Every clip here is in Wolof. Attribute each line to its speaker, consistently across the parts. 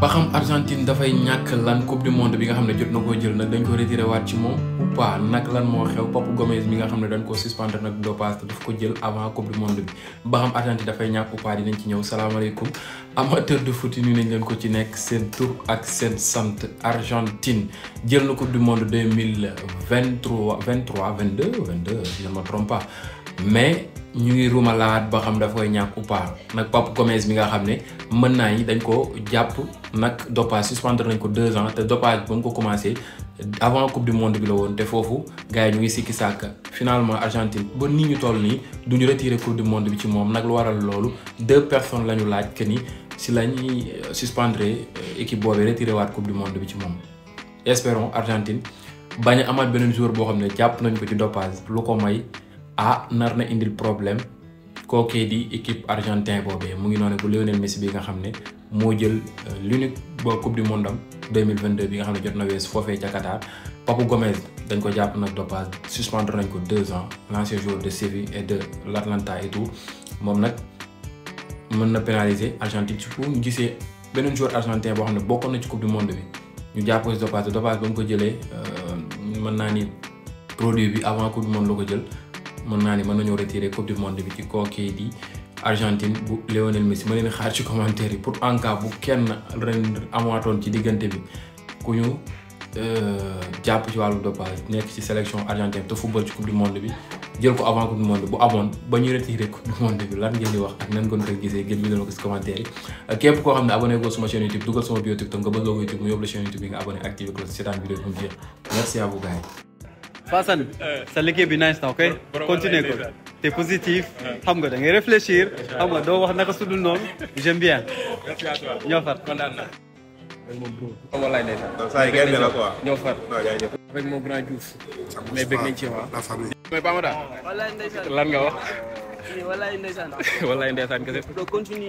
Speaker 1: ba xam Argentine dafay ñàkk lan coupe du monde bi nga xam ne jot na koo jël nag dañ koo retiré waat ci moom ou pas nag lan moo xew Papu Gomez mi nga xam ne dañ ko suspendre nag dopage te daf ko jël avant coupe du monde bi ba xam Argentine dafay ñàkk ou pas dinañ ci ñëw salaamaaleykum amateur de foot ñu nañ leen ko ci nekk seen tur ak seen sant Argentine jël na coupe du monde deux mille vingt trois vingt trois vingt deux vingt deux je ne me trompe mais. ñu ngi rumalaat ba xam daf koy ñàkk ou pas nag Papu Gomez nga xam ne mën naa yi dañ koo jàpp nag dopage suspendre nañ ko deux ans te dopage ba mu ko commencé avant coupe du monde bi la woon te foofu gars yi ñu ngi sikki sàkk finalement Argentine ba nii ñu toll nii du ñu retiré coupe bi ci moom nag lu waral loolu deux personnes la ñu laaj que ni si la ñuy euh, suspendre euh, équipe boobee retiré waat coupe du monde bi ci moom. espérons Argentine ba ñu amaat beneen joueur boo xam ne jàpp nañ ko ci dopage lu ko may ah nar na indil problème. kookee di équipe argentin boobee mu ngi noonu bu Lionel Messi bi nga xam ne moo jël lu euh, l'unique ba coupe du monde am 2022 bi nga xam ne jot na wees foofee ca Qatar Papu Gomez dañ ko jàpp nag dopage suspendre nañ ko deux ans l'ancien joueur de Séville et de l'Atlanta et tout moom nag mën na pénaliser Argentine surtout ñu gisee beneen joueur argentin boo xam ne bokkoon na ci coupe du monde bi ñu jàpp ko si dopage dopage ba mu ko jëlee euh, mën naa ni produit bi avant coupe du la ko jël mën naa ni mën nañu retirer coupe du monde bi ci kookii di Argentine bu Lionel Messi ma leen xaar ci commentaire yi pour en bu kenn ren amaatoon ci diggante bi ku ñu euh, jàpp ci wàllu dopage nekk ci sélection Argentine te football ci coupe du monde bi jël ko avant coupe du monde ba ñuy retiré coupe du monde bi lan ngeen di wax ak nan ngeen ko gisee ngeen bindal ko si commentaire yi képp koo xam ne abonné ko sama chaîne YouTube dugal sama bio TikTok nga bëgg ko YouTube mu yóbbu so Assane eh. sa liggéey bi nice na ok continue ko te positif xam nga da ngay réfléchir xam nga doo wax naka sudul noonu j'aime bien ñoo far kontaan naa wallaay ndeysaan saa yi gaynde la quoi ñoo far avec mon grand Diouf mais bëgg nañ ci waa mais Bamada wax Eh, wallaay ndeysaan wallaay ndeysaan kese do continue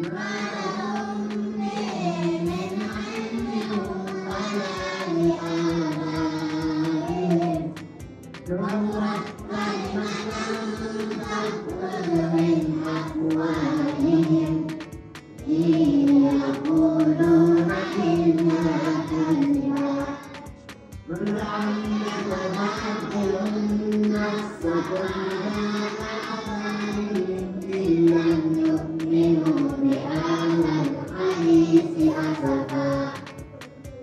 Speaker 1: Yeah.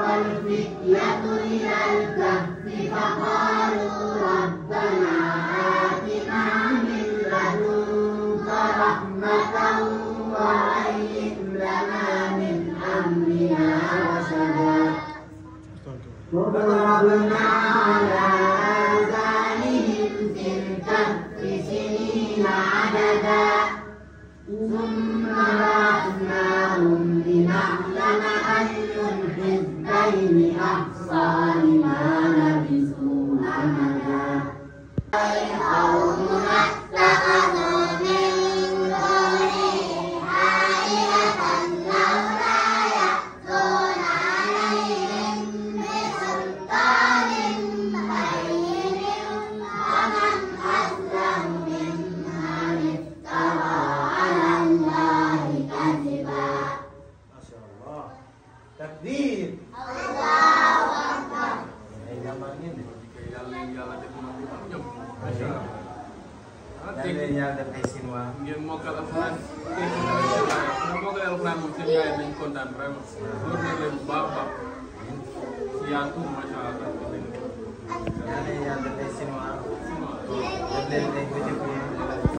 Speaker 1: والفتية إلى الكهف فقالوا ربنا آتنا من لدنك رحمة وهيئ لنا من أمرنا رشدا وضربنا على بأحصى لما لبثوا أمدا leen yàlla def ay Chinois. ngeen mokkal alxuraan. ndax mokkal alxuraan moom seen yaay nañ kontaan vraiment. loolu nag leen bu baax a baax. yaatu macha allah. yàlla leen yàlla def ay Chinois. def leen ay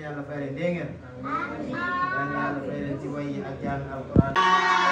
Speaker 1: yàlla fay leen dégg ngeen yàlla fay leen ci way ak jàng alquran